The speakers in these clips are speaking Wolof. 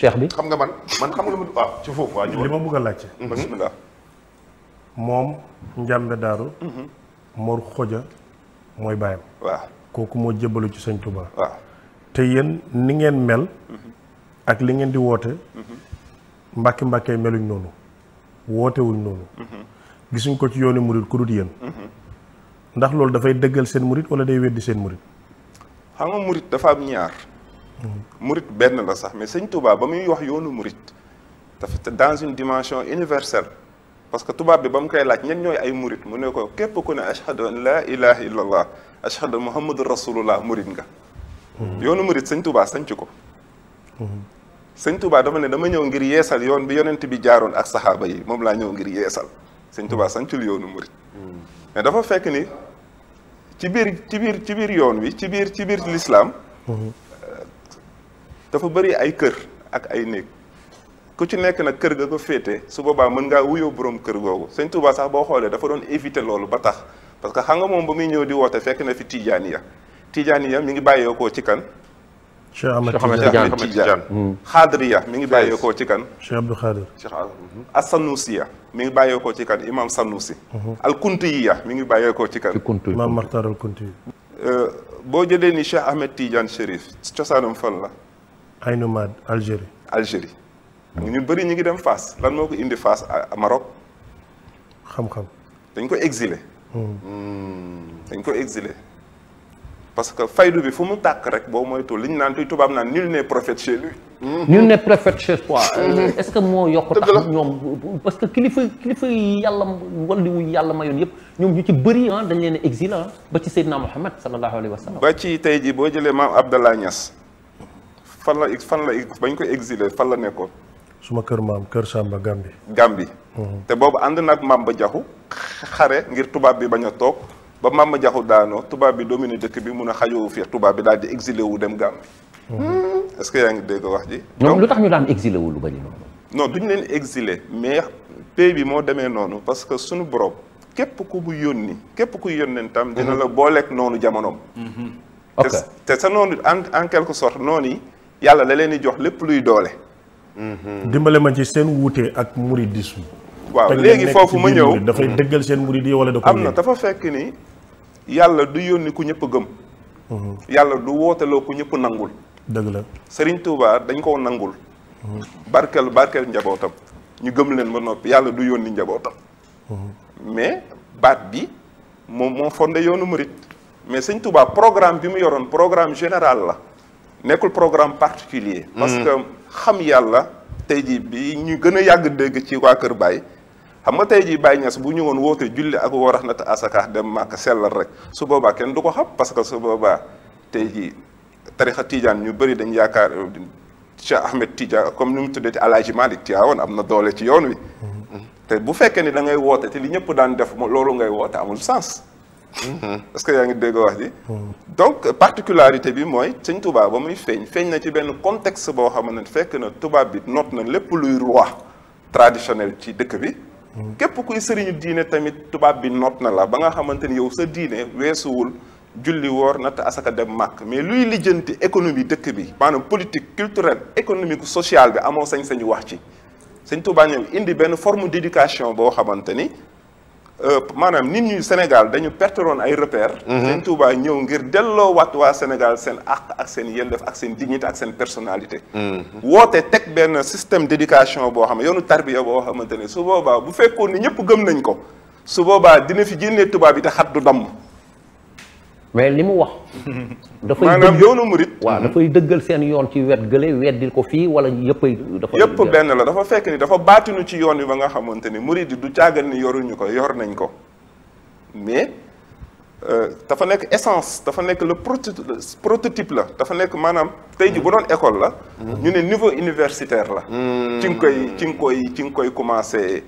cheikh bi xam nga man man xam nga lu ma. ci foofu mm-hmm. moom Njàmbe Daaru. Mm-hmm. Mor Xoja mooy bàyyam. waaw kooku moo jébbalu ci sëñ Touba. te yéen ni ngeen mel. Mm-hmm. ak li ngeen di woote. mbàkki mbàkkee meluñ noonu wootewuñ noonu. gisuñ ko ci yoonu murit ku dut yéen. ndax loolu dafay dëggal seen murit wala day weddi seen murit. xam murit dafa am ñaar. murit benn la sax mais sëñ Touba ba muy wax yoonu murit dafa dans une dimension universelle parce que tubaab bi ba mu koy laaj ñen ñooy ay murit mu ne ko képp ku ne ashhadu an laa ilaha illallah ashhadu muhammadu rasulullah murit nga hmm. yoonu murit sañ Touba sanc ko hmm. sëñ Touba dama ne dama ñëw ngir yeesal yoon bi yonent bi jaaroon ak saxaaba yi moom laa ñëw ngir yeesal sëñ hmm. Touba sancul yoonu murit mais dafa fekk ni ci biir ci biir ci biir yoon wi ci biir ci biir lislaam dafa bëri ay kër ak ay néeg ku ci nekk nag kër ga ko féete su boobaa mën ngaa wuyoo borom kër googu sëñ Touba sax boo xoolee dafa doon éviter loolu ba tax parce que xam nga moom ba muy ñëw di woote fekk na fi Tijaaniya Tijaaniya mi ngi bàyyeekoo ci kan. Cheikh Ahmed Tidiane hmm. Xaadiriya mi ngi bàyyeekoo ci kan. Cheikh Abdou Khadir. Cheikh Asanusiya mi ngi bàyyeekoo ci kan Imam Sanusi. Hmm. Alkuntiya mi ngi bàyyeekoo ci kan. Imam Maxtaar Alkunti. Euh, boo jëlee ni Cheikh Ahmed Tidiane Chérif cosaanam fan la. ay nomade Algérie. Algérie ñu bëri ñu ngi dem Fass lan moo ko indi Fass Maroc. xam-xam dañ ko exilé. Hmm. Hmm, dañ ko exilé parce que faydu bi fu mu tàkk rek boo moytu li ñu naan tuy tubaab naan nul n'est prophète chez lui. Hmm. nul n'est prophète chez soi. Euh, est-ce que moo yokk tax ñoom parce que kilifa kilifa yi yàlla walliwu yàlla mayoon yëpp ñoom ñu ci bëri ah dañ leen a exilé ah, ba ci Seydina Mohamed sallallahu alayhi wa sallam. ba ci tey jii boo jëlee maam Abdallah ñas fan la fan la bañ ko exilé fan la nekkoon. suma kër maam kër Samba Gambi. Gambi. Mhm. te boobu ànd nag Mamba Jaxu xare ngir tubaab bi bañ a toog ba Mamba Jaxu daanoo tubaab bi dominé dëkk bi mun a xajoo fi tubaab bi daal di exilé wu dem Gambi. Mhm. est-ce que yaa ngi dégg wax ji. ñoom lu tax ñu daan exilé wu lu bari noonu. non duñ leen exilé mais pays bi moo demee noonu parce que suñu borom képp ku mu yónni képp ku yónneen tam. dina mhm. la booleeg noonu jamonoom. sa noonu en en quelque sorte noonu yi yàlla da leen di jox lépp luy doole. Mm-hmm. dimbale ma ci seen wuute ak mouridisme. waaw léegi foofu ma ñëw dafay dëggal seen murid yi wala da ko am na dafa fekk ni yàlla du yónni ku ñëpp gëm. Mm-hmm. yàlla du wooteloo ku ñëpp nangul. dëgg la Serigne Touba dañ koo nangul. Mm-hmm. barkel barkel njabootam ñu gëm leen ba noppi yàlla du yónni njabootam. mais baat bi moom moo fonde yoonu murid mais Serigne Touba programme bi mu yoroon programme général la. nekkul programme particulier hmm. parce que xam yàlla tey jii bi ñu gën a yàgg dégg ci waa Kër Baye xam nga tey jii Baye bu ñëwoon woote julli ak warax te asaka dem màkk sellal rek su boobaa kenn du ko xam parce que su boobaa tey ji tarixa Tidiane ñu bëri dañ yaakaar Cheikh Ahmed Tidiane comme ni mu tuddee ci Alaaji Malik Tiwaawan am na doole ci yoon wi hmm. te bu fekkee ni da ngay woote te li ñëpp daan def loolu ngay woote amul sens est-ce que yaa ngi dégg wax ji. donc particularité bi mooy sañ Touba ba muy feeñ feeñ na ci benn contexte boo xam ne fekk na tubaab bi noot na lépp luy roi traditionnel ci dëkk bi. képp kuy sëriñu diine tamit tubaab bi noot na la ba nga xamante ni yow sa diine weesuwul julli woor natt asaka dem màkk mais luy lijjanti économie dëkk bi maanaam politique culturelle économique sociale bi amoo sañ-sañu wax ci. sëñ Touba ñoom indi benn forme d'éducation boo xamante ni. Euh, maanaam nit ñuy Sénégal dañu perteroon ay repères. Mhm. Sëñ Tuubaa ñëw ngir delloo wat waa Sénégal seen àq ak seen yelleef ak seen dignité ak seen personalité mhm. woote teg benn système d'éducation boo xam ne yoonu tarbiya boo xamante ne su boobaa bu fekkoon ni ñëpp gëm nañ ko su boobaa dina fi génnee tubaab yi te xat du domm mais li mu wax. dafay maanaam yoonu murit. waaw mm-hmm. dafay dëggal seen yoon ci wet gële weddil ko fii wala yëppay. dafa yëpp benn la dafa fekk ni dafa baatinu ci yoon wi ba nga xamante ni murit du caagal ni yoruñu ko yor nañ ko mais euh, dafa nekk essence dafa nekk la prototype la dafa nekk maanaam tey ji bu doon école la. Mm-hmm. ñu ne niveau universitaire la. Mm-hmm. ci nga koy ci nga koy ci nga koy commencé.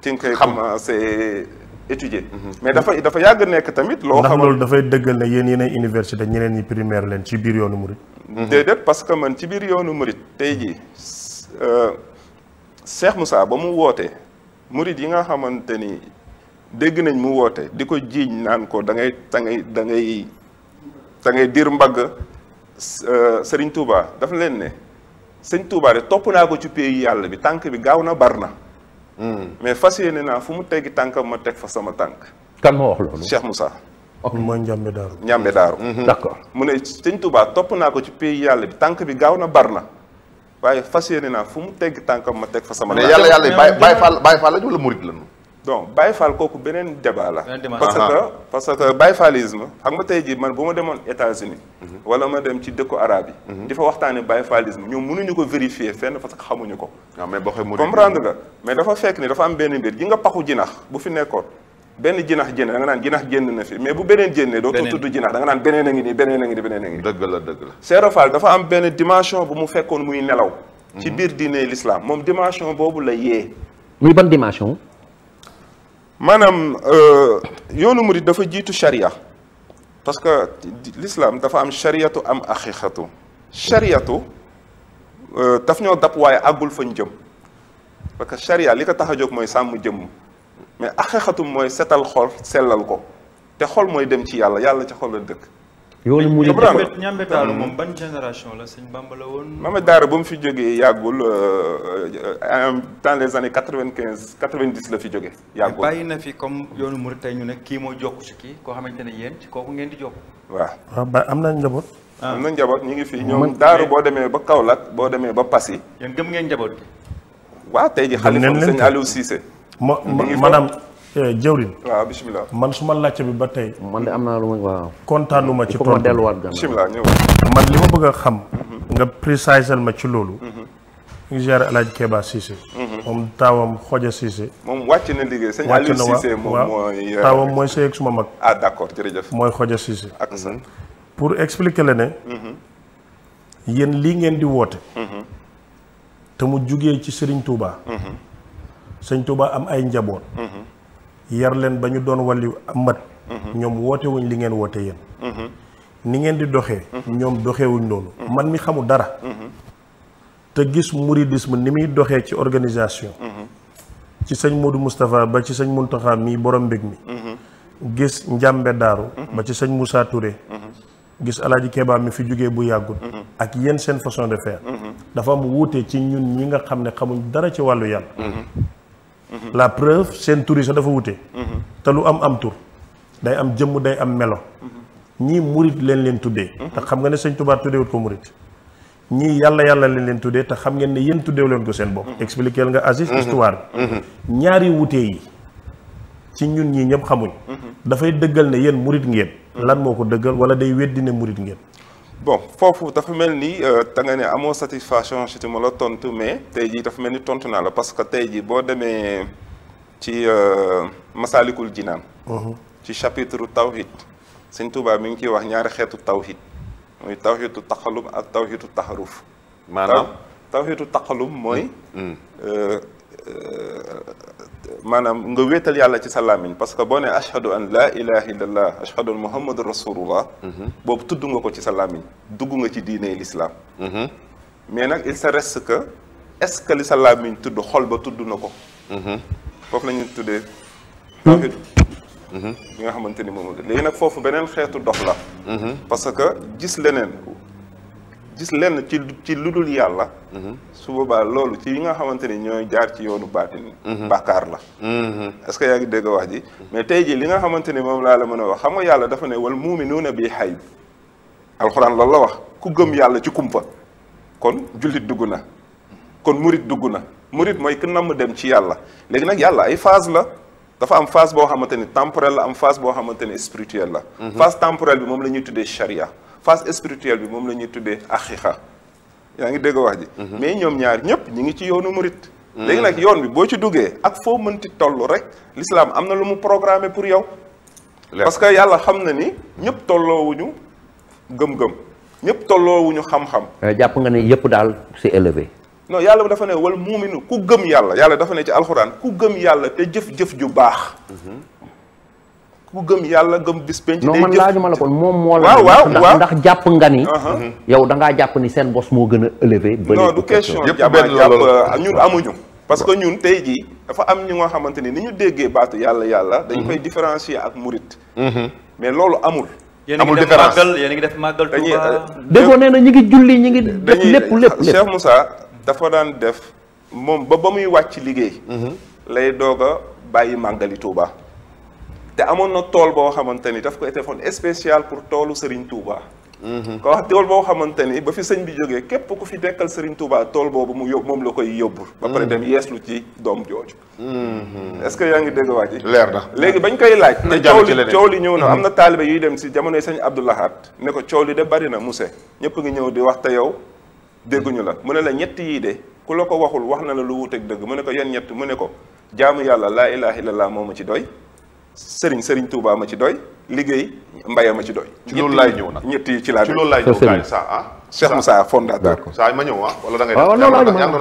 ci nga koy commencé étudier. Mhm. mais dafa dafa yàgg nekk tamit. loo xam loolu dafay dëggal ne yéen yéenay université ñeneen ñi primaire leen ci biir yoonu murit. Mhm. déedéet parce que man ci biir yoonu murit tey jii euh, Cheikh Moussa ba mu woote murit yi nga xamante ni dégg nañ mu woote di ko jiiñ naan ko da ngay da da ngay da ngay diir mbagg euh, Serigne Touba dafa leen ne sëñ Touba de topp naa ko ci pays yàlla bi tànk bi gaaw na bar na. Hmm. mais fas yéene naa fu mu teggi tànkam ma teg fa sama tànk. kan moo wax loolu Cheikh Moussa. ok mooy Njambe Daaru. Njambe Daaru. Hmm. Hmm. d'accord mu ne sëñ Touba topp naa ko ci pays yàlla bi tànk bi gaaw na bar na waaye fas yéene naa fu mu teggi tànkam ma teg fa sama. tànk mais yàlla yàlla Baye Fall Baye Fall lañu wala Murid lañu. donc Baye Fall kooku beneen débat la. parce que parce que Baye Fallisme xam nga tey jii man bu ma demoon États-Unis mhm. wala ma dem ci dëkku arabe yi. Mhm. di fa waxtaanee Baye Fallisme ñoom mënuñu ko vérifier fenn parce que xamuñu ko. comprendre nga mais dafa fekk ni dafa am benn mbir gi nga paxu jinax bu fi nekkoon. benn jinax génn da nga naan jinax génn na fi mais bu beneen génnee doo tudd jinax da naan beneen a ngi nii beneen a ngi nii beneen dëgg la dëgg la Cheikh Fall dafa am benn dimension bu mu fekkoon muy nelaw ci mhm. biir diine l'islam moom dimension boobu la yee muy ban dimension maanaam euh, yoonu murid dafa jiitu sharia parce que l'islam dafa am shariatu am axiixatu shariatu euh, daf ñoo dab waaye àggul fañ jëm parce que sharia li ko tax a jóg mooy sàmm jëmm mais axiixatu mooy setal xol sellal ko te xol mooy dem ci yàlla yàlla ci xol la dëkk yoonu murid ñambe daaru moom ban génération la sëñ Bamba la woon. Mame Daara ba mu fi jógee yàggul euh, euh, dans les années quatre vingt quinze quatre vingt dix la fi jógee. yàggul bàyyi na fi comme yoonu murid tey ñu ne kii moo jokk ci kii koo xamante ne yéen kooku ngeen di jokk. waa waaw am na njaboot. Ah. am na njaboot ñu ngi fii ñoom daaru boo demee ba Kaolack boo demee ba Passy. yéen gëm ngeen njaboot gi. waaw tey ji xalifa sëñ Aliou Cissé. ma maanaam. Eh, jëwrin waaw bisimilah man su ma laajte bi ba tey. man am naa lu ma waaw. kontaanu ma ci tontu man li ma bëgg a xam. Mhm. nga préciser ma ci loolu. Mhm. ñu mhm. moom taawam Xoja Cissé. moom wàcc na liggéey sëñ Aliou mooy euh, taawam mooy sëy suma mag. ah d'accord jërëjëf. mooy xojo Cissé. ak sa pour expliquer la ne. yéen lii ngeen di woote. te mu jugee ci Serigne Touba. Sëñ Touba am ay njaboot. yar leen ba ñu doon wàllu mat mhm. ñoom wootewuñ li ngeen woote yéen mhm. ni ngeen di doxee mhm. ñoom doxewuñ loolu man mi xamul dara te gis mouridisme ni muy doxee ci organisation ci sëñ Modou Moustapha ba ci sëñ Muntaxa mii borom mbég mi gis njàmbe daaru ba ci sëñ musaa Touré gis alaaji Keba mi fi jógee bu yàggul ak yéen seen façon de faire dafa am wuute ci ñun ñi nga xam ne xamuñ dara ci wàllu yàlla la preuve seen tur yi sax dafa wute. te lu am am tur day am jëmm day am melo. ñii murit leen leen tuddee. te xam nga ne sëñ Tuubaa tuddeewut ko murit. ñii yàlla yàlla leen leen tuddee te xam ngeen ne yéen tuddeew leen ko seen bopp. Mhm. expliqué nga Aziz mhm. histoire bi. Mhm. ñaari wute yi ci ñun ñii ñëpp xamuñ. dafay dëggal ne yéen murit ngeen. lan moo ko dëggal wala day weddi ne murit ngeen. bon foofu dafa mel ni euh, da nga ne amoo satisfaction ci ma la tontu mais tey jii dafa mel ni tontu naa la parce que tey jii boo demee ci euh, Masalikul Jinaan mhm. ci chapitre tawhid Sëñ Tuubaa mi ngi ciy wax ñaari xeetu tawhid muy tawhidu taqalum ak tawhidu taxaruf maanaam tawhidu taqalum mooy mm. euh, maanaam nga wéetal yàlla ci sa làmmiñ parce que boo ne ashhadu an laa ilaha illallah ashhadu an muhammadu rasulullah mhm. boobu tudd nga ko ci sa làmmiñ dugg nga ci diine l'islam mhm. mais nag il se reste que est li sa làmmiñ tudd xol ba tudd na ko mhm. foofu la ñu tuddee tawhid nga xamante ni moom léegi nag foofu beneen xeetu dox la parce que gis leneen gis lenn ci ci lu dul yàlla mhm. su boobaa loolu ci yi nga xamante ni ñooy jaar ci yoonu baatin mhm. bàkkaar la mhm. est-ce que yaa ngi dégg wax ji mais tey ji li nga xamante ni moom laa la mën a wax xam nga yàlla dafa ne wal muuminuuna bi xayb alxuraan loolu la wax ku gëm yàlla ci kumpa kon jullit dugg na kon murit dugg na murit mooy ki namm dem ci yàlla léegi nag yàlla ay phase la dafa am phase boo xamante ni temporelle la am phase boo xamante ni spirituelle la phase temporelle bi moom la ñuy tuddee charia phase spirituelle bi moom la ñuy tuddee axixa yaa ngi dégg wax ji mhm. mais ñoom ñaar ñëpp ñi ngi ci yoonu mu rit mhm. léegi nag yoon bi boo ci duggee ak foo mënti toll rek lislaam am na lu mu programmé pour yow parce que yàlla xam na ni ñëpp tolloowuñu gëm-gëm ñëpp tolloowuñu xam-xam euh, jàpp nga ne yëpp daal c'est élevé non yàlla dafa ne wal muuminu ku gëm yàlla yàlla dafa ne ci alxuraan ku gëm yàlla te jëf-jëf ju baax mhm. ku gëm yàlla gëm bis penc non man laajuma la kon moom moo la waaw waaw ndax jàpp nga ni uh-huh. Uh-huh. yow da ngaa jàpp ni seen bos moo gën a élevé ba non du question jàpp euh, ñun amuñu parce que ñun tey jii dafa am ñi nga xamante ni ni ñu déggee baatu yàlla yàlla dañu uh-huh. koy différencier ak murit mais loolu amul amul a ngi a euh, nee na ñi ngi julli ñi ngi def lépp lépp lépp Cheikh Moussa dafa daan def moom ba ba muy wàcc liggéey lay doog a bàyyi màggali Touba te amoon na tool boo xamante ni daf ko defoon spécial pour toolu Serigne Touba. Mhm. ko wax tool boo xamante ni ba fi sëñ bi jógee képp ku fi dekkal Serigne Touba tool boobu mu yób moom la koy yóbbu. ba pare mhm. dem yeeslu ci doom jooju. Mhm. est-ce que yaa ngi dégg waa ji. leer na léegi bañ koy laaj. te coow li coow li ñëw na am na taalibe yuy dem si jamonoy sëñ Abdoulahat ne ko coow li de bari na Mousse ñëpp ngi ñëw di wax te yow dégguñu la mu ne la ñett yii de ku la ko waxul wax na la lu wuuteeg dëgg mu ne ko yan ñett mu ne ko jaamu yàlla laa ilaha illallah moo ma ci doy. sëriñ sëriñ Touba ma ci doy liggéey Mbaye ma ci doy. ci loolu laay ñëw nag ñett ci laa. ci loolu laay ñëw Cheikh Moussa fondateur. saa ma ñëw ah wala da ngay.